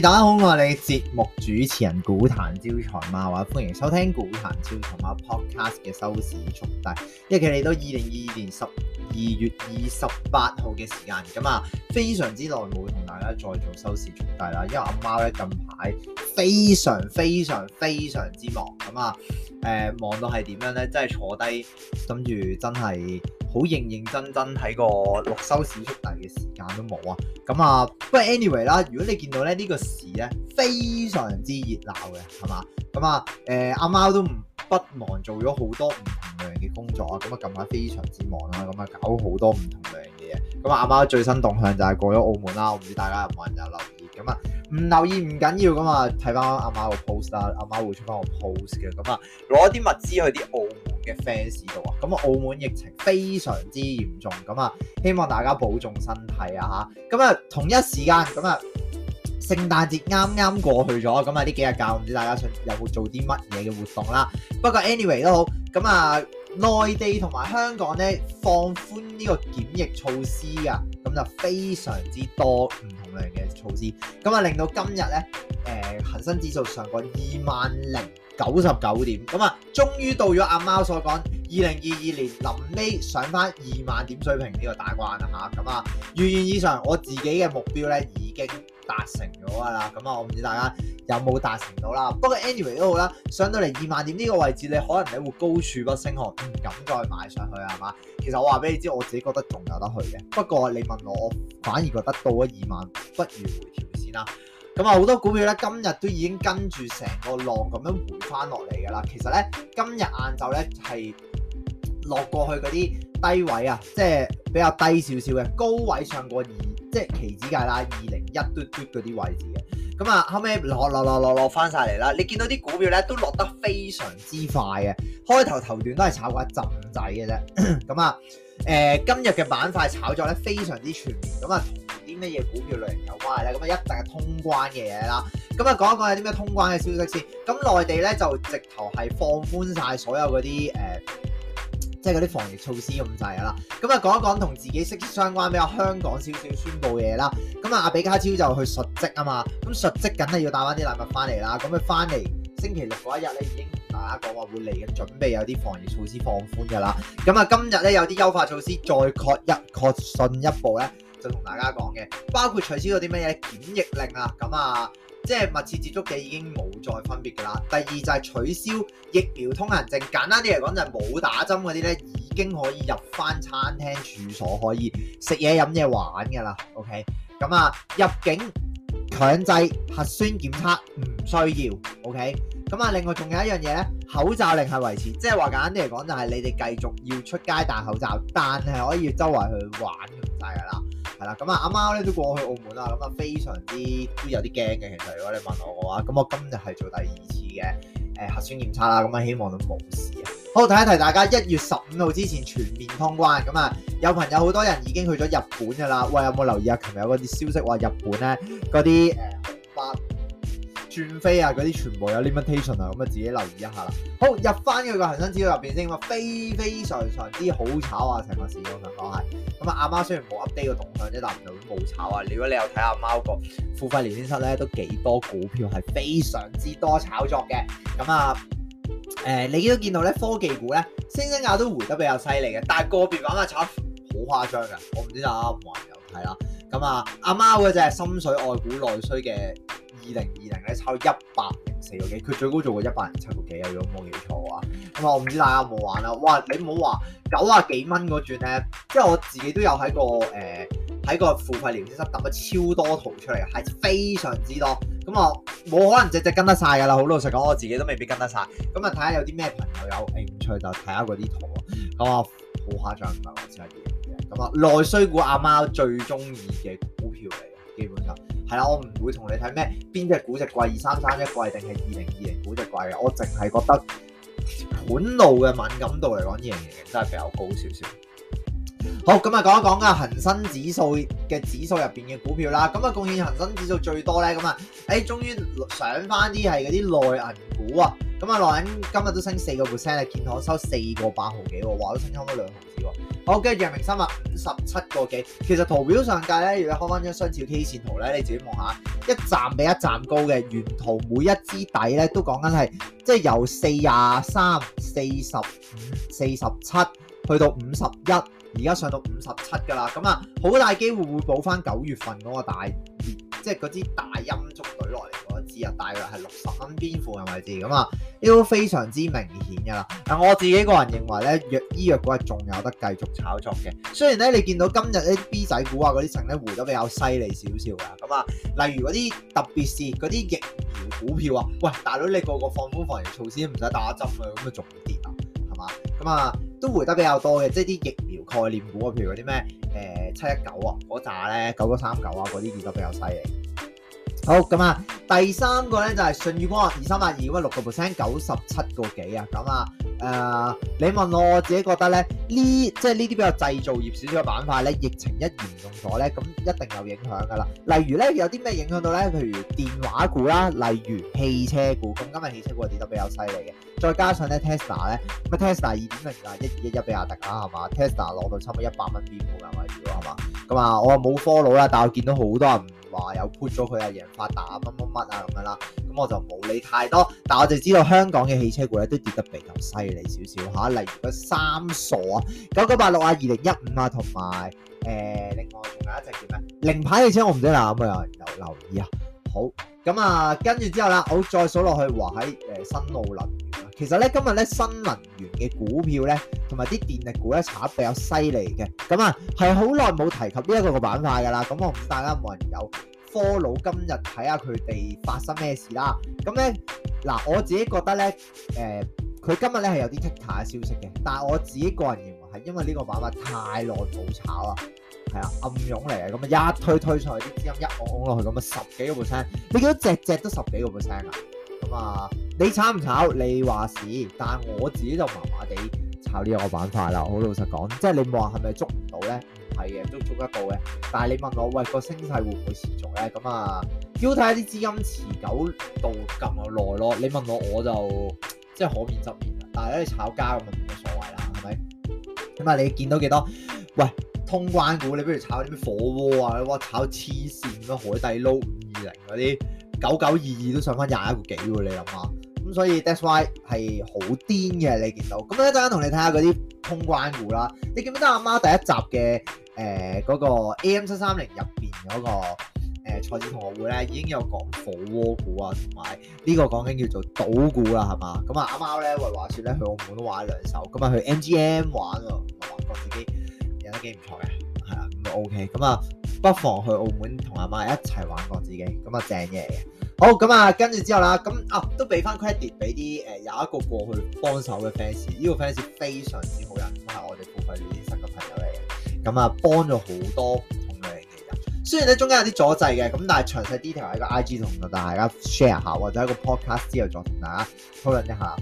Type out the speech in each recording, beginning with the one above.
大家好，我係你節目主持人股壇招財貓啊！歡迎收聽股壇招財貓 podcast 嘅收市速遞，今日嚟到二零二二年十二月二十八號嘅時間，咁啊非常之耐冇同大家再做收市速遞啦，因為阿貓咧近排非常非常非常之忙，咁啊誒忙到係點樣咧？即係坐低跟住真係。好認認真真睇個六收市出嚟嘅時間都冇啊，咁啊，不過 anyway 啦，如果你見到咧呢、呢個市咧非常之熱鬧嘅，係嘛？咁啊，誒阿貓都唔不忙做咗好多唔同樣嘅工作啊，咁啊近排非常之忙啊，咁啊搞好多唔同樣嘅嘢。咁啊阿貓最新動向就係過咗澳門啦，我唔知大家有冇人有留意？咁啊唔留意唔緊要，咁啊睇翻阿貓個 post 啦、啊，阿貓會出翻個 post 嘅，咁啊攞啲物資去啲澳門。fans 度啊，咁啊，澳門疫情非常之嚴重，咁啊，希望大家保重身體啊吓，咁啊，同一時間，咁啊，聖誕節啱啱過去咗，咁啊，呢幾日假唔知大家想有冇做啲乜嘢嘅活動啦，不過 anyway 都好，咁啊，內地同埋香港咧放寬呢個檢疫措施啊，咁就非常之多。量嘅措施，咁、嗯、啊令到今日咧，誒、呃、恆生指數上過二萬零九十九點，咁啊終於到咗阿貓所講二零二二年臨尾上返二萬點水平呢個大關啦嚇，咁啊如願以償，我自己嘅目標咧已經。達成咗噶啦，咁、嗯、啊，我唔知大家有冇達成到啦。不過 anyway 都好啦，上到嚟二萬點呢個位置，你可能咧會高處不勝寒，唔敢再買上去啊嘛。其實我話俾你知，我自己覺得仲有得去嘅。不過你問我，我反而覺得到咗二萬，不如回調先啦。咁、嗯、啊，好、嗯、多股票咧，今日都已經跟住成個浪咁樣回翻落嚟噶啦。其實咧，今日晏晝咧係落過去嗰啲低位啊，即、就、係、是、比較低少少嘅高位上過二。即係期指價啦，二零一嘟嘟嗰啲位置嘅，咁啊後尾落落落落落翻曬嚟啦，你見到啲股票咧都落得非常之快嘅，開頭頭段都係炒過一陣仔嘅啫，咁啊誒今日嘅板塊炒作咧非常之全面，咁啊同啲乜嘢股票類型有關係咧，咁啊一定係通關嘅嘢啦，咁啊講一講有啲咩通關嘅消息先，咁內地咧就直頭係放寬晒所有嗰啲誒。呃即係嗰啲防疫措施咁滯啦，咁啊講一講同自己息息相關比較香港少少宣佈嘅嘢啦，咁啊阿比加超就去述職啊嘛，咁述職梗係要帶翻啲禮物翻嚟啦，咁佢翻嚟星期六嗰一日咧已經同大家講話會嚟緊，準備有啲防疫措施放寬嘅啦，咁啊今日咧有啲優化措施再確一確進一步咧就同大家講嘅，包括取消咗啲乜嘢檢疫令啊，咁啊。即係密切接觸嘅已經冇再分別噶啦。第二就係取消疫苗通行證，簡單啲嚟講就係冇打針嗰啲咧已經可以入翻餐廳、處所，可以食嘢、飲嘢、玩噶啦。OK，咁啊入境強制核酸檢測唔需要。OK，咁啊另外仲有一樣嘢咧，口罩令係維持，即係話簡單啲嚟講就係你哋繼續要出街戴口罩，但係可以周圍去玩咁滯噶啦。係啦，咁啊阿貓咧都過去澳門啦，咁、嗯、啊非常之都有啲驚嘅。其實如果你問我嘅話，咁、嗯、我今日係做第二次嘅誒、呃、核酸檢測啦，咁、嗯、啊希望都冇事。好，提一提大家一月十五號之前全面通關，咁、嗯、啊、嗯、有朋友好多人已經去咗日本㗎啦。喂，有冇留意啊？琴日有啲消息話日本咧嗰啲誒紅轉飛啊！嗰啲全部有 limitation 啊，咁啊自己留意一下啦。好，入翻佢個恒生指數入邊先啊，非非常常之好炒啊，成個市都想講係。咁、嗯、啊，阿貓雖然冇 update 個動向啫，但係都冇炒啊。如果你有睇阿貓個付費連線室咧，都幾多股票係非常之多炒作嘅。咁、嗯、啊，誒、嗯，你都見到咧，科技股咧，升升價都回得比較犀利嘅，但係個別咁啊炒好誇張嘅。我唔知阿阿華有睇啦。咁啊，阿貓嗰隻深水外股內需嘅。二零二零咧，抄一百零四個幾，佢最高做過一百零七個幾啊，如果冇記錯嘅話。咁啊，我唔知大家有冇玩啦。哇，你唔好話九啊幾蚊嗰轉咧，即係我自己都有喺個誒喺、呃、個付費聊天室抌咗超多圖出嚟，係非常之多。咁啊，冇可能隻隻跟得晒噶啦。好老實講，我自己都未必跟得晒。咁啊，睇下有啲咩朋友有興趣就睇下嗰啲圖咯。咁啊，好誇張，唔係我試下啲嘢。咁啊，內需股阿貓最中意嘅股票嚟嘅，基本上。係啦，我唔會同你睇咩邊隻估值貴，二三三一貴定係二零二零估值貴嘅，我淨係覺得盤路嘅敏感度嚟講，一樣嘅，真係比較高少少。好咁啊，講一講啊恒生指數嘅指數入邊嘅股票啦。咁啊，貢獻恒生指數最多咧，咁啊，誒、哎，終於上翻啲係嗰啲內銀股啊。咁啊，內銀今日都升四個 percent，見我收四個八毫幾，哇，都升咗兩毫子喎。好，跟住楊明三話五十七個幾。其實圖表上界咧，如果你開翻張雙軸 K 線圖咧，你自己望下，一站比一站高嘅。沿途每一支底咧都講緊係，即、就、係、是、由四廿三、四十五、四十七去到五十一。而家上到五十七噶啦，咁啊，好大機會會補翻九月份嗰個大跌，即係嗰支大陰燭隊落嚟嗰一支啊，大約係六十蚊邊附近位置，咁啊，呢都非常之明顯噶啦。但我自己個人認為咧，藥醫藥股係仲有得繼續炒作嘅。雖然咧，你見到今日啲 B 仔股啊，嗰啲成績回得比較犀利少少嘅，咁啊，例如嗰啲特別是嗰啲疫苗股票啊，喂，大佬你個，個個放風防疫措施唔使打針啊，咁就仲跌啊，係嘛，咁啊。都回得比較多嘅，即係啲疫苗概念股啊，譬如嗰啲咩七一九啊，嗰紮咧九九三九啊，嗰啲跌得比較犀利。好，咁啊，第三個咧就係舜宇光學二三八二，屈六個 percent，九十七個幾啊，咁啊。誒，uh，你問我我自己覺得咧，呢即係呢啲比較製造業少少嘅板塊咧，疫情一嚴重咗咧，咁一定有影響噶啦。例如咧，有啲咩影響到咧？譬如電話股啦，例如汽車股，咁今日汽車股跌得比較犀利嘅。再加上咧 Tesla 咧，咁 Tesla 而家二點零啊一二一一比亞迪啦，係嘛？Tesla 攞到差唔多一百蚊邊盤嘅位置喎，係嘛？咁啊，我冇 follow 啦，但係我見到好多人話有 put 咗佢啊，贏發達乜乜乜啊咁樣啦。我就冇理太多，但我就知道香港嘅汽車股咧都跌得比較犀利少少吓，例如嗰三傻啊、九九八六啊、二零一五啊，同埋誒，另外仲有一隻叫咩？零牌汽車我唔知啦，咁啊，有留留意啊。好，咁啊，跟住之後啦，我再數落去話喺誒新奧能源。其實咧今日咧新能源嘅股票咧，同埋啲電力股咧，炒得比較犀利嘅。咁啊，係好耐冇提及呢一個嘅板塊噶啦。咁我唔知大家有冇人有。科佬今日睇下佢哋發生咩事啦，咁咧，嗱我自己覺得咧，誒、呃、佢今日咧係有啲 TikTok 嘅消息嘅，但係我自己個人認為係因為呢個板塊太耐冇炒啦，係啊暗湧嚟嘅，咁啊一推推出啲資金一按拱落去，咁啊十幾個 percent，你見到隻隻都十幾個 percent 啊？咁啊你炒唔炒？你話事，但係我自己就麻麻地炒呢個板塊啦，好老實講，即係你話係咪捉唔到咧？係嘅，都捉得到嘅。但係你問我，喂，個升勢會唔會持續咧？咁啊，要睇下啲資金持久度咁耐咯。你問我我就即係可免則免啦。但係如果你炒家，咁咪冇乜所謂啦，係咪？咁啊，你見到幾多？喂，通關股你不如炒啲咩火鍋啊？哇，炒黐線咯，海底撈五二零嗰啲九九二二都上翻廿一個幾喎？你諗下，咁所以 that's why 係好癲嘅。你見到咁咧，我一陣間同你睇下嗰啲通關股啦。你記唔記得阿媽第一集嘅？誒嗰、呃嗰個 AM 七三零入邊嗰個誒賽事同學會咧，已經有講火鍋股啊，同埋呢個講緊叫做賭股啦，係嘛？咁啊，阿貓咧話説咧去澳門都玩兩手，咁啊去 MGM 玩喎，覺得自己贏得幾唔錯嘅，係啦，咁 OK，咁啊不妨去澳門同阿媽一齊玩過自己，咁啊正嘢嘅。好，咁啊跟住之後啦，咁啊都俾翻 credit 俾啲誒有一個過去幫手嘅 fans，呢個 fans 非常之好人，咁啊，幫咗好多唔同嘅人。其實雖然咧中間有啲阻滯嘅，咁但係詳細 detail 喺個 IG 同大家 share 下，或者喺個 podcast 之後再同大家討論一下。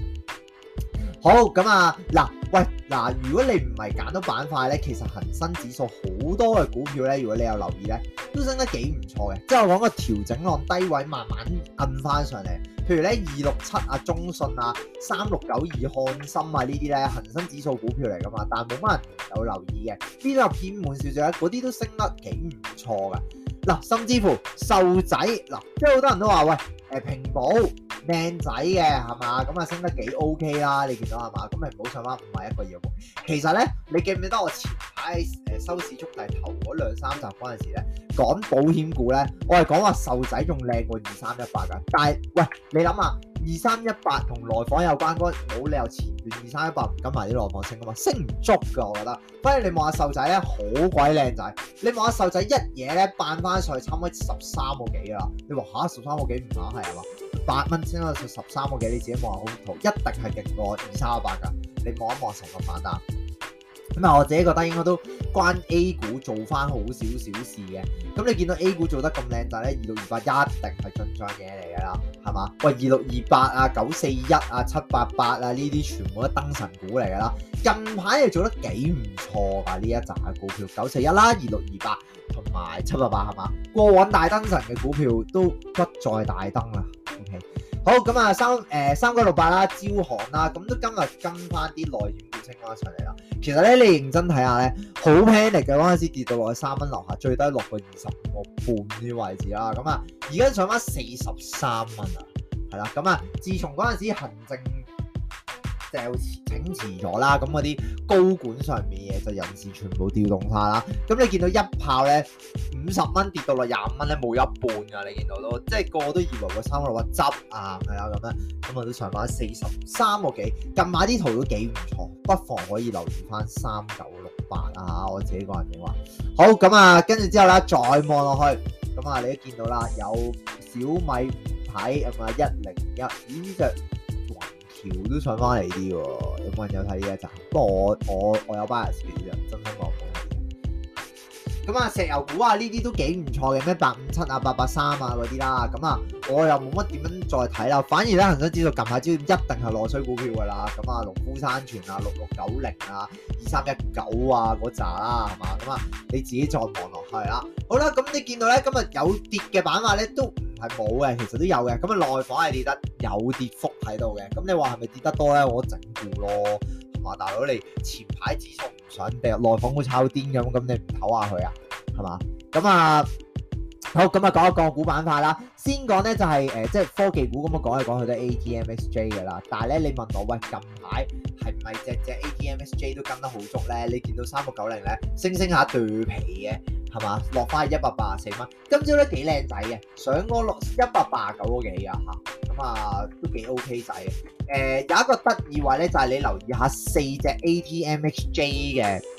好，咁啊，嗱，喂，嗱、呃，如果你唔係揀到板塊咧，其實恒生指數好多嘅股票咧，如果你有留意咧，都升得幾唔錯嘅。即係我講個調整浪低位，慢慢摁翻上嚟。譬如咧二六七啊、中信啊、三六九二、翰森啊呢啲咧恆生指數股票嚟㗎嘛，但係冇乜人有留意嘅。邊有偏門少少嗰啲都升得幾唔錯㗎。嗱，甚至乎壽仔嗱，即係好多人都話喂。誒平保靚仔嘅係嘛，咁啊升得幾 OK 啦，你見到係嘛？咁唔好上翻唔係一個熱門，其實咧，你記唔記得我前排誒、呃、收市速遞頭嗰兩三集嗰陣時咧，講保險股咧，我係講話瘦仔仲靚過二三一八㗎，但係喂，你諗下。二三一八同內房有關嗰，冇理由前段二三一八唔跟埋啲內房升噶嘛，升唔足噶我覺得。反正你望下瘦仔咧，好鬼靚仔！你望下瘦仔一嘢咧，扮翻上去差唔多十三個幾噶啦。你話嚇十三個幾唔怕係嘛？八蚊升到十三個幾，你自己望下幅圖，一定係勁過二三一八噶。你望一望成個反彈。咁啊，我自己覺得應該都關 A 股做翻好少少事嘅。咁你見到 A 股做得咁靚仔咧，二六二八一定係進賬嘢嚟噶啦。係嘛？喂，二六二八啊，九四一啊，七八八啊，呢啲全部都燈神股嚟噶啦。近排又做得幾唔錯啊，呢一紮嘅股票，九四一啦，二六二八同埋七八八，係嘛？過往大燈神嘅股票都不再大燈啦。OK。好咁啊、嗯，三誒、呃、三九六八啦，招行啦，咁都今日跟翻啲內險嘅清翻出嚟啦。其實咧，你認真睇下咧，好 panic 嘅嗰陣時跌到落去三蚊樓下，最低落去二十五個半啲位置啦。咁、嗯、啊，而家上翻四十三蚊啊，係啦。咁、嗯、啊，自從嗰陣時行政掉整遲咗啦，咁嗰啲高管上面嘢就人事全部調動曬啦。咁你見到一炮咧五十蚊跌到落廿五蚊，咧冇一半噶，你見到咯，即係個個都以為個三六八執啊，係啊咁樣，咁我都上翻四十三個幾，近買啲圖都幾唔錯，不妨可以留意翻三九六八啊！我自己個人嘅話，好咁啊，跟住之後咧再望落去，咁啊你都見到啦，有小米牌。咁啊一零一，以上。條都上翻嚟啲喎，有冇人有睇呢一集？不過我我我有 buy 下先嘅，真心望咁啊，石油股啊，呢啲都幾唔錯嘅，咩八五七啊、八八三啊嗰啲啦。咁啊，我又冇乜點樣再睇啦，反而咧恆生指數近排焦點一定係內需股票噶啦。咁啊，農夫山泉啊、六六九零啊、二三一九啊嗰扎啦，係嘛？咁啊，你自己再望落去啦。好啦，咁你見到咧今日有跌嘅板塊咧都。係冇嘅，其實都有嘅。咁啊，內房係跌得有跌幅喺度嘅。咁你話係咪跌得多咧？我整固咯，同埋大佬你前排指數唔上，跌內房會炒癲咁，咁你唔睇下佢啊，係嘛？咁啊。好，咁啊，講下港股板塊啦。先講咧就係、是、誒、呃，即係科技股咁啊，講一講佢都 ATMSJ 嘅啦。但係咧，你問我喂，近排係咪隻隻 ATMSJ 都跟得好足咧？你見到三六九零咧，升升下對皮嘅，係嘛？落翻一百八十四蚊，今朝咧幾靚仔嘅，上過一百八十九個幾啊吓。咁、嗯、啊、嗯，都幾 OK 仔。誒、呃，有一個得意位咧，就係、是、你留意下四隻 ATMSJ 嘅。M X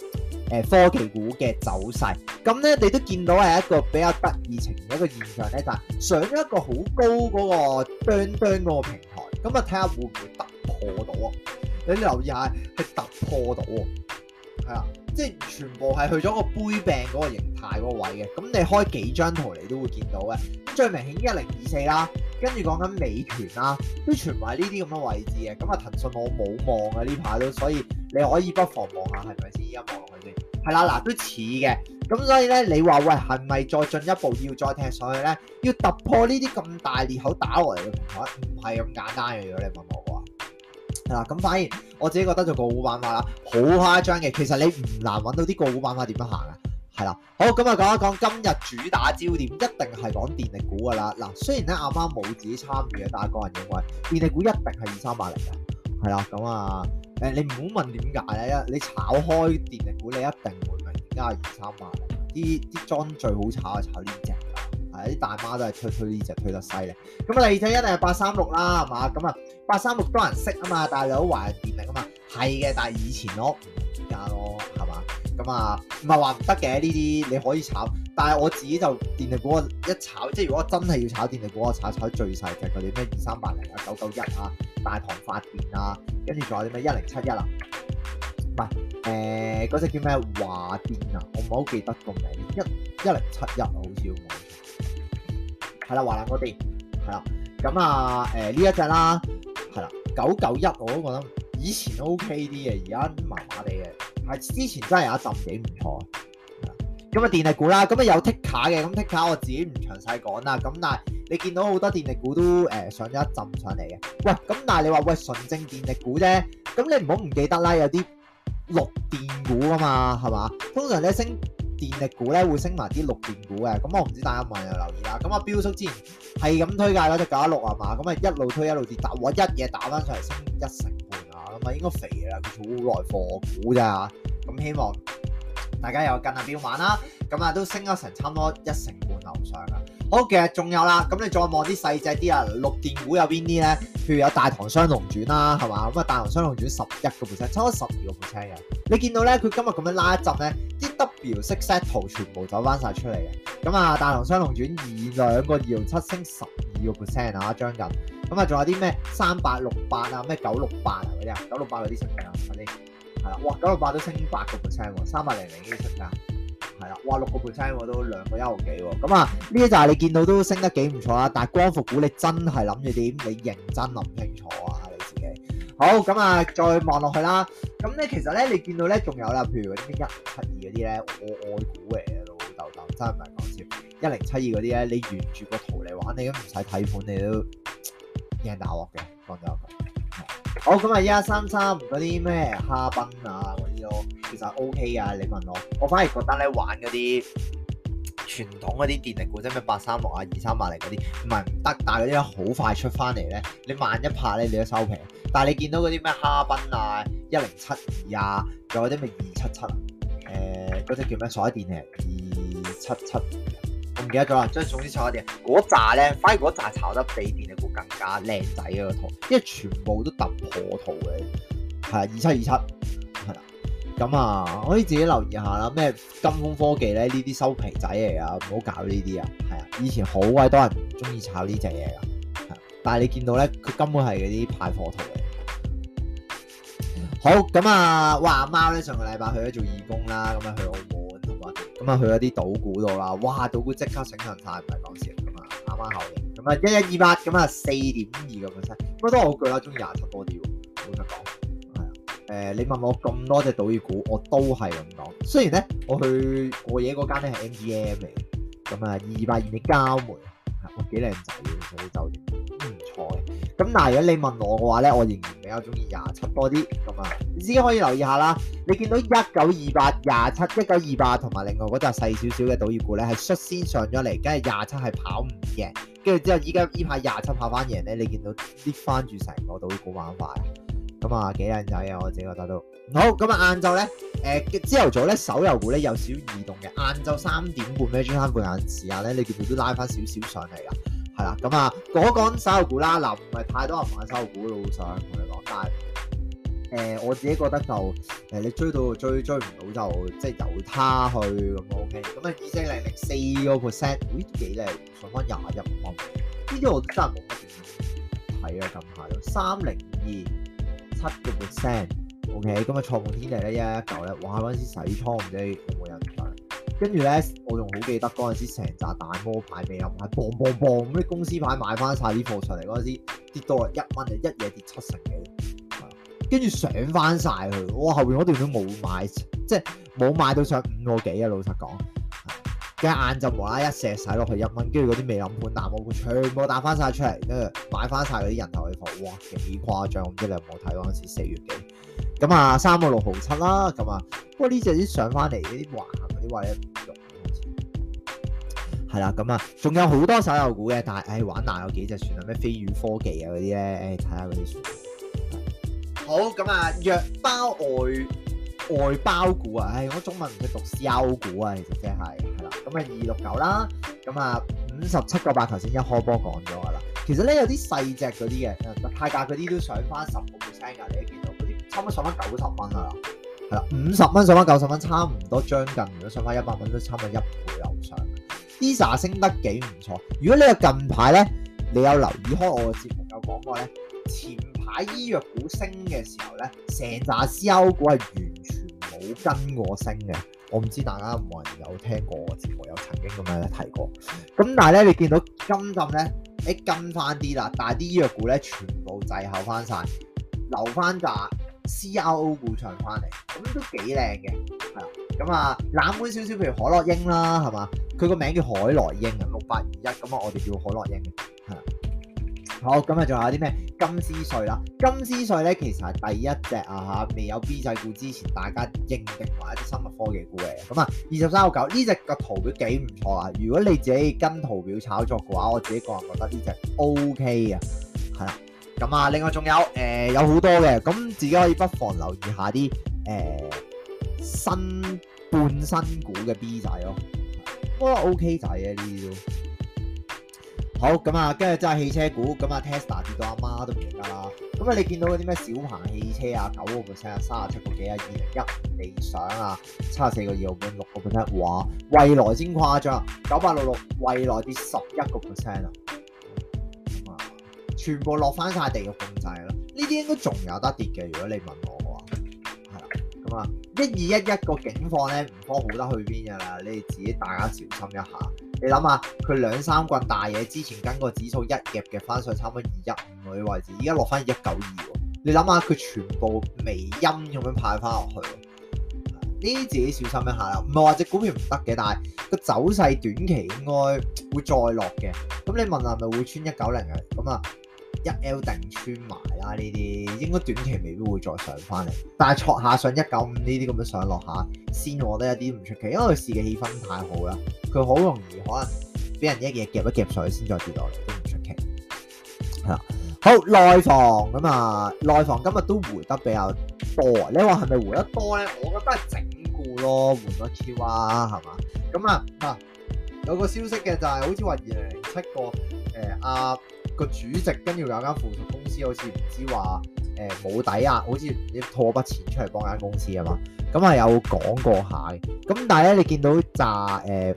誒科技股嘅走勢，咁咧你都見到係一個比較得意情嘅一個現象咧，就係、是、上咗一個好高嗰個墩墩嗰個平台，咁啊睇下會唔會突破到啊？你留意下，係突破到啊，係啊，即係全部係去咗個杯柄嗰個形態嗰位嘅，咁你開幾張圖你都會見到嘅，最明顯一零二四啦。跟住講緊美團啦、啊，都傳埋呢啲咁嘅位置嘅，咁啊騰訊我冇望啊呢排都，所以你可以不妨望下係咪先一望落去先，係啦嗱都似嘅，咁所以咧你話喂係咪再進一步要再踢上去咧，要突破呢啲咁大裂口打落嚟嘅平台，唔係咁簡單嘅嘢，如果你問我啊，係啦，咁反而我自己覺得做個股板塊啦，好誇張嘅，其實你唔難揾到啲個股板塊點樣行啊。係啦，好咁啊，講一講今日主打焦點，一定係講電力股噶啦。嗱，雖然咧阿媽冇自己參與嘅，但係個人認為電力股一定係二三八零嘅。係啦，咁啊，誒，你唔好問點解咧，一你炒開電力股，你一定會明而家二三八零。啲啲莊最好炒啊，炒呢、這、隻、個，係啲大媽都係推推呢、這、隻、個、推得犀利。咁啊，第二隻一定係八三六啦，係嘛？咁啊，八三六多人識啊嘛，但係華潤電力啊嘛，係嘅，但係以前咯，而家咯。咁啊，唔係話唔得嘅呢啲，你可以炒，但係我自己就電力股一炒，即係如果真係要炒電力股，我炒炒最細嘅嗰啲咩二三八零啊、九九一啊、大唐發電啊，跟住仲有啲咩一零七一啊，唔係誒嗰隻叫咩華電啊，我唔係好記得個名，一一零七一啊，好似少冇，係啦華能發電，係、呃、啦，咁啊誒呢一隻啦，係啦九九一我都覺得以前都 OK 啲嘅，而家麻麻地嘅。之前真係有一陣幾唔錯，咁、嗯、啊電力股啦，咁啊有 Tikka 嘅，咁 Tikka 我自己唔詳細講啦，咁但係你見到好多電力股都誒、呃、上咗一陣上嚟嘅，喂，咁但係你話喂純正電力股啫，咁你唔好唔記得啦，有啲綠電股啊嘛，係嘛？通常咧升電力股咧會升埋啲綠電股嘅，咁我唔知大家有冇人有留意啦。咁阿標叔之前係咁推介嗰隻九一六係嘛，咁啊一路推一路跌，但我一嘢打返上嚟升一成。唔係應該肥啦，佢好耐貨股咋？咁希望大家又跟下邊玩啦。咁啊都升咗成差唔多一成半樓上啦。好，其實，仲有啦。咁你再望啲細隻啲啊，六件股有邊啲咧？譬如有大唐雙龍傳啦，係嘛？咁啊大唐雙龍傳十一個 percent，差唔多十二個 percent 嘅。你見到咧，佢今日咁樣拉一陣咧，啲 W 式 set 圖全部走翻晒出嚟嘅。咁啊大唐雙龍傳二兩個搖七升十二個 percent 啊，將近。咁啊，仲有啲咩三八六八啊，咩九六八啊嗰啲啊，九六八嗰啲升噶嗰啲係啦，哇九六八都升八個 percent 喎，三八零零啲升噶係啦，哇六個 percent 我都兩個一毫幾喎。咁啊，呢啲就係你見到都升得幾唔錯啊。但係光伏股你真係諗住點？你認真諗清楚啊，你自己好咁啊，再望落去啦。咁咧其實咧，你見到咧仲有啦，譬如嗰啲咩一零七二嗰啲咧，我愛股嚟嘅老豆豆真係唔係講笑，一零七二嗰啲咧，你沿住個圖嚟玩，你都唔使睇款，你都～嘢鬧落嘅講咗一句，好咁、哦、啊！一三三嗰啲咩哈彬啊嗰啲咯，其實 OK 啊！你問我，我反而覺得咧玩嗰啲傳統嗰啲電力股，即咩八三六啊、二三八零嗰啲，唔係唔得，但係嗰啲好快出翻嚟咧，你萬一拍咧你都收皮。但係你見到嗰啲咩哈彬啊、一零七二啊，仲有啲咩二七七啊？誒、呃，嗰、那、隻、個、叫咩鎖電器？二七七。而家咁啦，即係總之炒一點，嗰扎咧，反而嗰扎炒得地邊一股會更加靚仔啊！個圖，因為全部都揼破圖嘅，係二七二七，係啦。咁啊，可以自己留意下啦。咩金峰科技咧？呢啲收皮仔嚟啊，唔好搞呢啲啊，係啊。以前好鬼多人中意炒呢隻嘢噶，但係你見到咧，佢根本係嗰啲派貨圖嚟。好，咁啊，哇！阿貓咧上個禮拜去咗做義工啦，咁啊去澳門。咁啊去咗啲賭股度啦，哇，賭股即刻醒神太唔係講笑咁啊，啱啱口型。咁啊一一二八，咁啊四點二咁樣犀，不過都好攰啦，中意廿七多啲喎，老實講，係啊，誒、呃、你問我咁多隻賭股，我都係咁講，雖然咧我去過嘢嗰間咧係 MGM 嚟，咁啊二八二零交門，吓，幾靚仔嘅，酒店。咁嗱，但如果你問我嘅話咧，我仍然比較中意廿七多啲咁啊！你自己可以留意下啦，你見到一九二八廿七、一九二八同埋另外嗰扎細少少嘅賭業股咧，係率先上咗嚟，梗係廿七係跑唔贏。跟住之後，依家依排廿七跑翻贏咧，你見到啲 lift 翻住成個賭業股玩法咁啊，幾靚仔啊！我自己覺得都好。咁啊，晏晝咧，誒朝頭早咧，手遊股咧有少移動嘅。晏晝三點半、咩中三半晏時間咧，你見到都拉翻少少上嚟㗎！係啦，咁啊、嗯，講講收股啦，嗱，唔係太多人買收股老實同你講，但係誒、呃，我自己覺得就誒、呃，你追到追追唔到就即係、就是、由他去咁 OK，咁啊，啲收益力四個 percent，誒幾靚，上翻廿、ok? 一萬，呢啲我都真係冇乜點睇啊，近排三零二七個 percent，OK，咁啊，創夢天地咧一一九咧，哇，嗰陣時洗倉嘅。跟住咧，我仲好記得嗰陣時蛋買買，成扎大摩牌未冧牌，bang bang bang 啲公司牌買翻晒啲貨上嚟嗰陣時，跌到一蚊就一嘢跌七十幾，跟住上翻晒佢，我後邊嗰段都冇買，即係冇買到上五個幾啊！老實講，嘅晏晝就無啦啦一瀉晒落去一蚊，跟住嗰啲未冧盤、大摩盤全部打翻晒出嚟，跟住買翻晒嗰啲人頭嘅貨，哇幾誇張！唔知你有冇睇嗰陣時四月幾？咁啊、嗯，三個六毫七啦，咁、嗯、啊，不過呢隻啲上翻嚟啲橫行嗰啲位好似係啦，咁啊，仲、嗯、有好多手遊股嘅，但係唉、哎、玩難有幾隻船啊，咩飛宇科技啊嗰啲咧，唉睇下嗰啲。好，咁、嗯、啊，藥包外外包股啊，唉、哎，我中文唔識讀 CRO 股啊，其實即係，係啦，咁、嗯、啊、嗯、二六九啦，咁、嗯、啊、嗯、五十七個八頭先一開波講咗噶啦，其實咧有啲細隻嗰啲嘅，泰格嗰啲都上翻十個 percent 見到。啊你上翻九十蚊啦，係啦，五十蚊上翻九十蚊，差唔多，將近。如果上翻一百蚊都差唔多一倍以上。Esa 升得幾唔錯。如果你係近排咧，你有留意開我嘅節目有講過咧，前排醫藥股升嘅時候咧，成扎 CIO 股係完全冇跟過升嘅。我唔知大家有冇人有聽過我節目有曾經咁樣提過。咁但係咧，你見到今陣咧，你、欸、跟翻啲啦，但係啲醫藥股咧全部滯後翻晒，留翻扎。CRO 股場翻嚟，咁都幾靚嘅，係啦。咁、嗯、啊，冷門少少，譬如可樂英啦，係嘛，佢個名叫凱萊英，啊，六八二一，咁啊，我哋叫可樂英。嘅，係啦。好，咁、嗯、啊，仲有啲咩？金斯瑞啦，金斯瑞咧，其實第一隻啊吓，未有 B 仔股之前，大家認定為一啲生物科技股嘅，咁、嗯、啊，二十三個九，呢隻個圖表幾唔錯啊。如果你自己跟圖表炒作嘅話，我自己個人覺得呢隻 OK 啊，係啦。咁啊，另外仲有，誒、呃，有好多嘅，咁自己可以不妨留意一下啲，誒、呃，新半新股嘅 B 仔咯，哦哦、OK 都 OK 仔啊呢啲。好，咁、嗯、啊，跟住即係汽車股，咁、嗯、啊，Tesla 跌到阿媽都唔認得啦。咁、嗯、啊，你見到嗰啲咩小鵬汽車啊，九個 percent 啊，三十七個幾啊，二零一理想啊，七十四個二毫半，六個 percent 哇，蔚來先誇張九八六六，蔚來跌十一個 percent 啊。全部落翻晒地嘅控制咯，呢啲應該仲有得跌嘅。如果你問我嘅話，係啦，咁啊，一二一一個警況咧，唔多好得去邊嘅啦。你自己大家小心一下。你諗下，佢兩三棍大嘢之前跟個指數一夾嘅翻上，差唔多二一五嘅位置，而家落翻一九二喎。你諗下，佢全部微陰咁樣派翻落去，呢啲自己小心一下啦。唔係話隻股票唔得嘅，但係個走勢短期應該會再落嘅。咁你問下係咪會穿一九零嘅？咁啊。一 L 定穿埋啦，呢啲應該短期未必會再上翻嚟，但係錯下上一九五呢啲咁樣上落下，先我覺得有啲唔出奇，因為市嘅氣氛太好啦，佢好容易可能俾人一嘢夾一夾水先再跌落嚟，都唔出奇。係啦，好內房咁啊，內房今日都回得比較多啊，你話係咪回得多咧？我覺得係整固咯，換咗 Q 啊，係嘛？咁啊嗱，有個消息嘅就係、是、好似話二零零七個誒阿。呃啊個主席跟住有間附屬公司，好似唔知話誒冇抵押，好似要拖一筆錢出嚟幫間公司啊嘛。咁啊有講過下嘅，咁但係咧你見到炸誒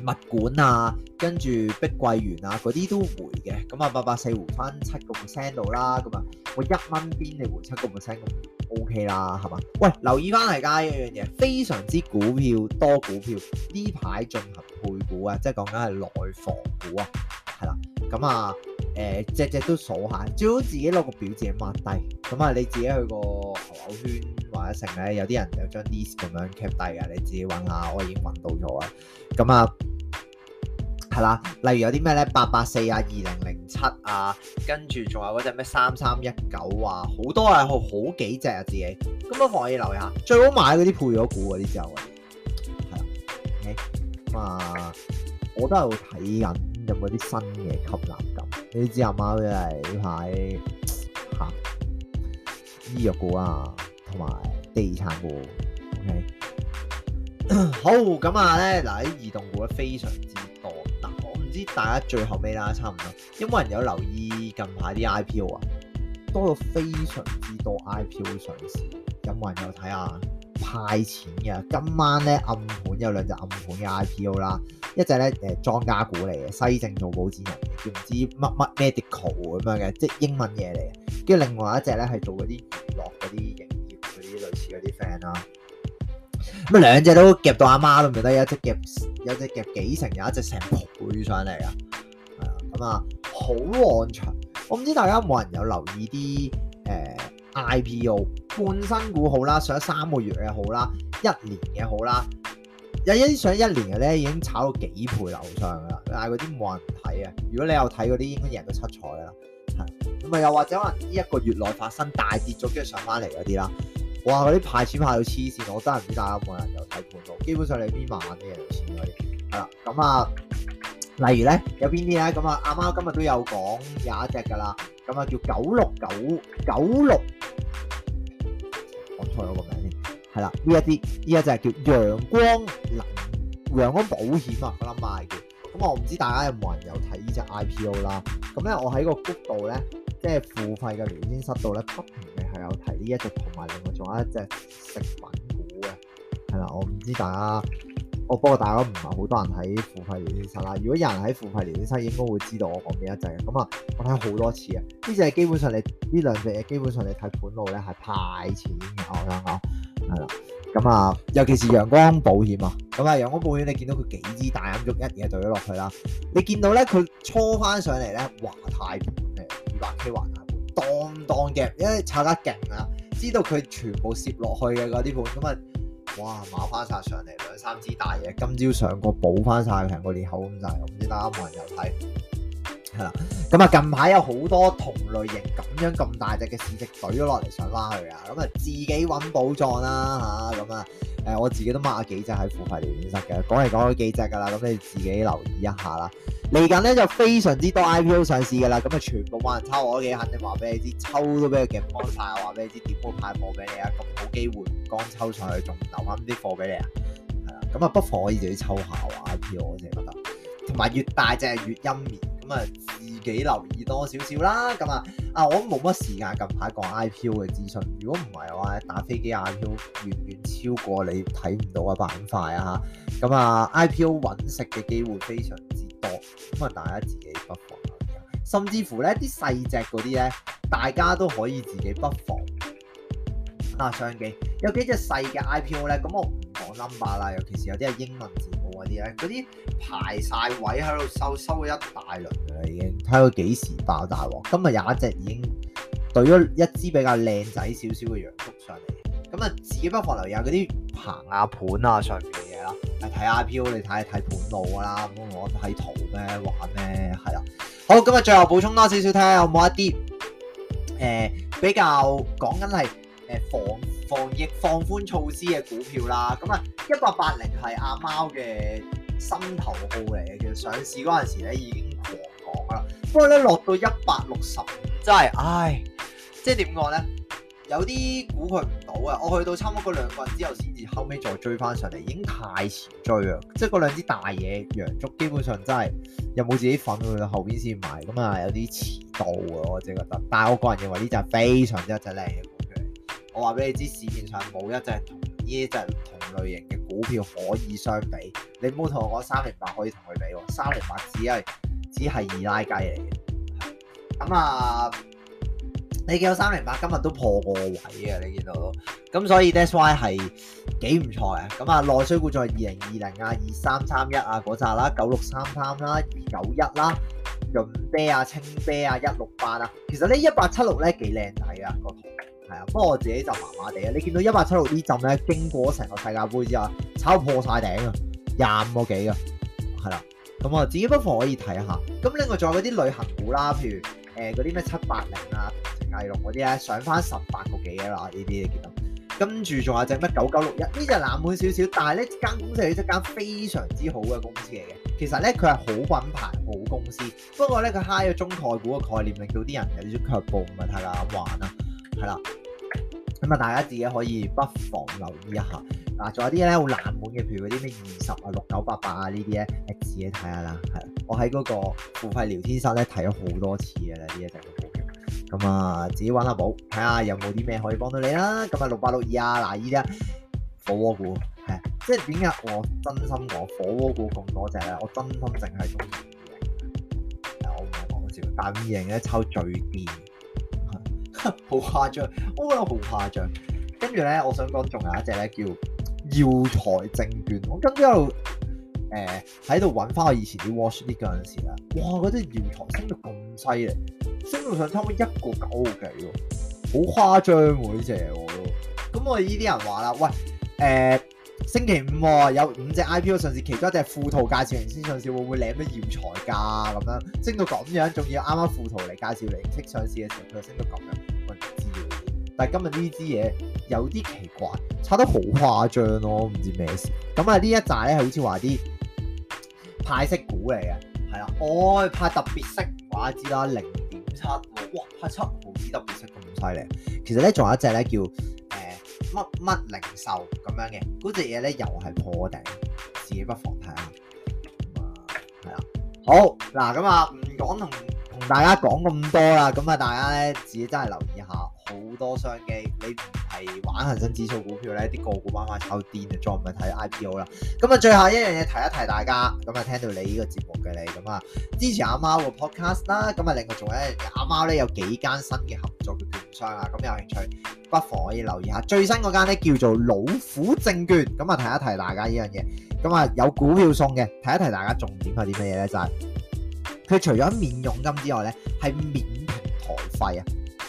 物管啊，跟住碧桂園啊嗰啲都回嘅，咁啊八八四回翻七個 percent 度啦，咁啊我一蚊邊你回七個 percent，O K 啦係嘛？喂，留意翻嚟家一樣嘢，非常之股票多股票，呢排進行配股啊，即係講緊係內房股啊，係啦。咁啊，誒隻只都數下，最好自己攞個表紙掹低。咁啊、嗯嗯，你自己去個朋友圈或者成咧，有啲人有張 list 咁樣 cap 低噶，你自己揾下，我已經揾到咗啊。咁、嗯、啊，係、嗯、啦、嗯嗯，例如有啲咩咧，八八四啊，二零零七啊，跟住仲有嗰隻咩三三一九啊，好多啊，好幾隻啊自己。咁都可以留下，最好買嗰啲配咗股嗰啲就係啦。咁、嗯、啊、嗯嗯嗯，我都係會睇緊。有冇啲新嘅吸納感？你知阿媽都係呢排嚇醫藥股啊，同埋地產股。OK， 好咁啊咧嗱，啲移動股咧非常之多。但我唔知大家最後尾啦，差唔多。有冇人有留意近排啲 IPO 啊？多咗非常之多 IPO 上市。有冇人有睇下？派錢嘅？今晚咧暗盤有兩隻暗盤嘅 IPO 啦。一隻咧誒莊家股嚟嘅，西正做保薦人，唔知乜乜咩 medical 咁樣嘅，即係英文嘢嚟嘅。跟住另外一隻咧係做嗰啲娛樂嗰啲營業嗰啲類似嗰啲 friend 啦。咁啊兩隻都夾到阿媽咯，咪得，一隻夾有隻夾幾成，有一隻成倍上嚟啊。係啊，咁啊好旺場。我唔知大家有冇人有留意啲誒、欸、IPO 半新股好啦，上咗三個月嘅好啦，一年嘅好啦。有欣賞一年嘅咧，已經炒到幾倍樓上噶啦！但係嗰啲冇人睇啊！如果你有睇嗰啲，應該贏到七彩啦嚇。咁係又或者可能呢一個月內發生大跌咗，跟住上翻嚟嗰啲啦，哇！嗰啲派錢派到黐線，我真係唔知大家有冇人有睇盤到。基本上你邊萬嘅嘢都錢㗎啲。係啦，咁啊，例如咧有邊啲咧？咁啊，阿貓今日都有講有一隻㗎啦。咁啊叫九六九九六，我講錯咗個名。係啦，呢一啲依一隻叫陽光能陽光保險啊，我諗賣嘅。咁我唔知大家有冇人有睇呢隻 IPO 啦。咁咧，我喺個谷度 o 咧，即係付費嘅聊天室度咧，不停嘅係有提呢一隻同埋另外仲有一隻食品股嘅。係啦，我唔知大家。我不過大家唔係好多人喺付費連線室啦。如果有人喺付費連線室，應該會知道我講邊一隻咁啊，我睇好多次啊。呢隻基本上你呢兩隻嘢，基本上你睇盤路咧係派錢嘅，我講。係啦，咁啊，尤其是陽光保險啊。咁、嗯、啊，陽光保險你見到佢幾支大陰燭，一嘢就咗落去啦。你見到咧佢搓翻上嚟咧華泰盤，二百 K 華泰盤，當當嘅，因為炒得勁啊。知道佢全部蝕落去嘅嗰啲盤咁啊。哇！買翻晒上嚟兩三支大嘢，今朝上過補翻晒，平個裂口咁滯，我唔知得啱冇人有睇。係啦，咁啊，近排有好多同類型咁樣咁大隻嘅市值攤咗落嚟上翻去啊，咁啊自己揾寶藏啦嚇咁啊，誒我自己都買咗幾隻喺庫牌裏面室嘅，講嚟講咗幾隻噶啦，咁你自己留意一下啦。嚟緊咧就非常之多 IPO 上市噶啦，咁啊全部冇人抽我嘅，肯定話俾你知抽都俾佢夾乾曬，話俾你知跌波派貨俾你啊，咁冇機會唔幹抽上去仲留翻啲貨俾你啊，係啊，咁啊不妨可以自己抽下喎 IPO 我自己覺得，同埋越大隻越陰面。咁啊，自己留意多少少啦。咁啊，啊，我都冇乜時間近排講 IPO 嘅資訊。如果唔係話打飛機 IPO，遠遠超過你睇唔到嘅板塊啊！吓，咁啊，IPO 揾食嘅機會非常之多。咁啊，大家自己不妨留意。甚至乎呢啲細隻嗰啲呢，大家都可以自己不妨揾下商機。有幾隻細嘅 IPO 呢？咁我。number 啦，尤其是有啲係英文字母嗰啲咧，嗰啲排晒位喺度收收咗一大輪啦，已經睇佢幾時爆大鑊。今日有一隻已經對咗一支比較靚仔少少嘅洋服上嚟，咁啊，自己不妨留意下嗰啲棚啊、盤啊上面嘅嘢啦。睇 IPO 你睇下睇盤路啦，咁我睇圖咩玩咩？係啊，好，今日最後補充多少少睇下有冇一啲誒、呃、比較講緊係誒房。防疫放寬措施嘅股票啦，咁啊，一八八零係阿貓嘅心頭好嚟嘅，其實上市嗰陣時咧已經狂講㗎喇。不過咧落到一百六十五真係，唉，即係點講咧？有啲估佢唔到啊！我去到差唔多嗰兩個人之後，先至後尾再追翻上嚟，已經太遲追啊！即係嗰兩支大嘢羊足，基本上真係又冇自己去到後邊先買咁啊，有啲遲到啊，我只覺得。但係我個人認為呢隻係非常之一隻靚我話俾你知，市面上冇一隻同呢一隻同類型嘅股票可以相比。你唔好同我講三零八可以同佢比喎，三零八只係只係二奶雞嚟嘅。咁啊，你見到三零八今日都破個位啊，你見到。咁所以 DSY 係幾唔錯啊。咁啊，內需股在二零二零啊，二三三一啊嗰扎啦，九六三三啦，二九一啦，潤啤啊，青啤啊，一六八啊，其實呢一八七六咧幾靚仔啊個係啊，不過我自己就麻麻地啊。你見到一百七六呢浸咧，經過成個世界杯之後，炒破晒頂啊，廿五個幾噶，係啦。咁我自己不妨可以睇下。咁另外仲有嗰啲旅行股啦，譬如誒嗰啲咩七八零啊、同程藝龍嗰啲咧，上翻十八個幾噶啦呢啲，你見到。跟住仲有隻咩九九六一，呢隻冷門少少，但係咧間公司係一間非常之好嘅公司嚟嘅。其實咧佢係好品牌、好公司，不過咧佢嗨咗中概股嘅概念，令到啲人有啲卻步唔係太敢玩啊。係啦，咁啊，大家自己可以不妨留意一下。嗱，仲有啲咧好冷門嘅，譬如嗰啲咩二十啊、六九八八啊呢啲咧，你自己睇下啦。係，我喺嗰個付費聊天室咧睇咗好多次嘅啦，呢一隻股。咁啊，自己揾下寶，睇下有冇啲咩可以幫到你啦。咁啊，六八六二啊，嗱呢啲啊火鍋股，係即係點解我真心講火鍋股咁多隻咧？我真心淨係中意啲嘅，但係我唔係講笑，但係二型咧抽最癲。好誇張，我覺得好誇張。跟住咧，我想講仲有一隻咧叫耀才證券，我今朝喺度誒喺度揾翻我以前啲 watchlist 嗰陣時啦。哇，嗰隻耀才升到咁犀利，升到上差唔多一個九個幾喎，好誇張喎呢隻喎。咁、啊、我哋呢啲人話啦，喂，誒、呃、星期五、啊、有五隻 IPO 上市，其中一隻富途介紹人先上市，會唔會領咩耀才價咁樣升到咁樣，仲要啱啱富途嚟介紹嚟即上市嘅時候佢又升到咁樣。但係今日呢支嘢有啲奇怪，拆得好誇張咯，哦，唔知咩事。咁啊呢一紮咧好似話啲派息股嚟嘅。係啦，哦派特別息，睇下先啦，零點七，哇, 7，哇派七毫紙特別息咁犀利。其實咧仲有一隻咧叫誒乜乜零售咁樣嘅，嗰隻嘢咧又係破頂，自己不妨睇下。係啦，好嗱咁啊，唔講同。同大家講咁多啦，咁啊大家咧自己真係留意下，好多商機。你唔係玩恒生指數股票咧，啲個股玩媽炒癲啊，再唔係睇 IPO 啦。咁啊，最後一樣嘢提一提大家，咁啊聽到你呢個節目嘅你咁啊支持阿貓嘅 podcast 啦。咁啊，另外仲有一樣阿貓咧有幾間新嘅合作嘅券商啊，咁有興趣不妨可以留意下。最新嗰間咧叫做老虎證券，咁啊提一提大家呢樣嘢。咁啊有股票送嘅，提一提大家重點係啲乜嘢咧就係、是。佢除咗免佣金之外咧，係免平台費啊！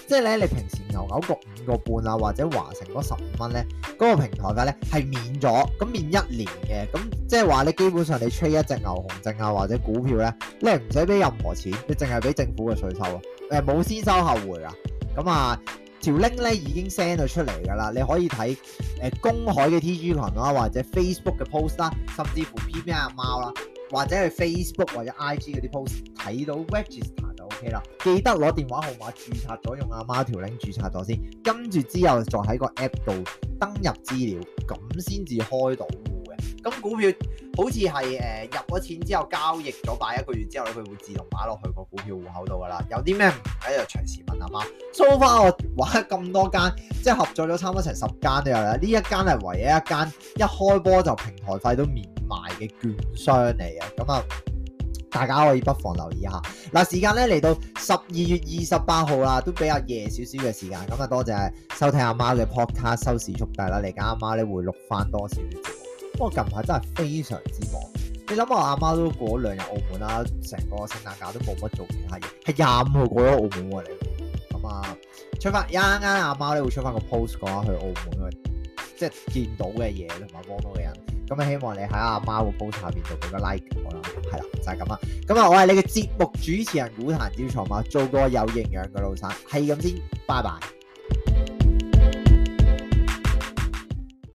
即係咧，你平時牛牛嗰五個半啊，或者華盛嗰十五蚊咧，嗰、那個平台費咧係免咗，咁免一年嘅，咁即係話咧，基本上你吹一隻牛熊證啊，或者股票咧，你唔使俾任何錢，你淨係俾政府嘅稅收啊！誒、呃、冇先收後回啊！咁啊，條 link 咧已經 send 咗出嚟噶啦，你可以睇誒、呃、公海嘅 TG 群啊，或者 Facebook 嘅 post 啦、啊，甚至乎 P P 阿貓啦～或者去 Facebook 或者 IG 嗰啲 post 睇到 register 就 OK 啦，記得攞電話號碼註冊咗用阿媽條 link 註冊咗先，跟住之後再喺個 app 度登入資料，咁先至開到戶嘅。咁股票好似係誒入咗錢之後交易咗擺一個月之後咧，佢會自動擺落去個股票戶口度噶啦。有啲咩唔明咧，就隨時問阿媽。show 翻我玩咁多間，即係合作咗差唔多成十間都有啦。呢一間係唯一一間一開波就平台費都免。賣嘅券商嚟啊，咁啊大家可以不妨留意下嗱、啊，時間咧嚟到十二月二十八號啦，都比較夜少少嘅時間，咁啊多謝收聽阿媽嘅 podcast，收市速遞啦，嚟緊阿媽咧會錄翻多少少節目，不過近排真係非常之忙，你諗下，阿媽都過咗兩日澳門啦，成個聖誕假都冇乜做其他嘢，係廿五號過咗澳門喎、啊、你，咁啊出翻啱啱阿媽咧會出翻個 post 講下去澳門去，即係見到嘅嘢同埋幫到嘅人。咁希望你喺阿貓個波下面度俾個 like，我啦，係啦，就係咁啦。咁我係你嘅節目主持人股壇招財貓，做個有營養嘅老曬，係咁先，拜拜。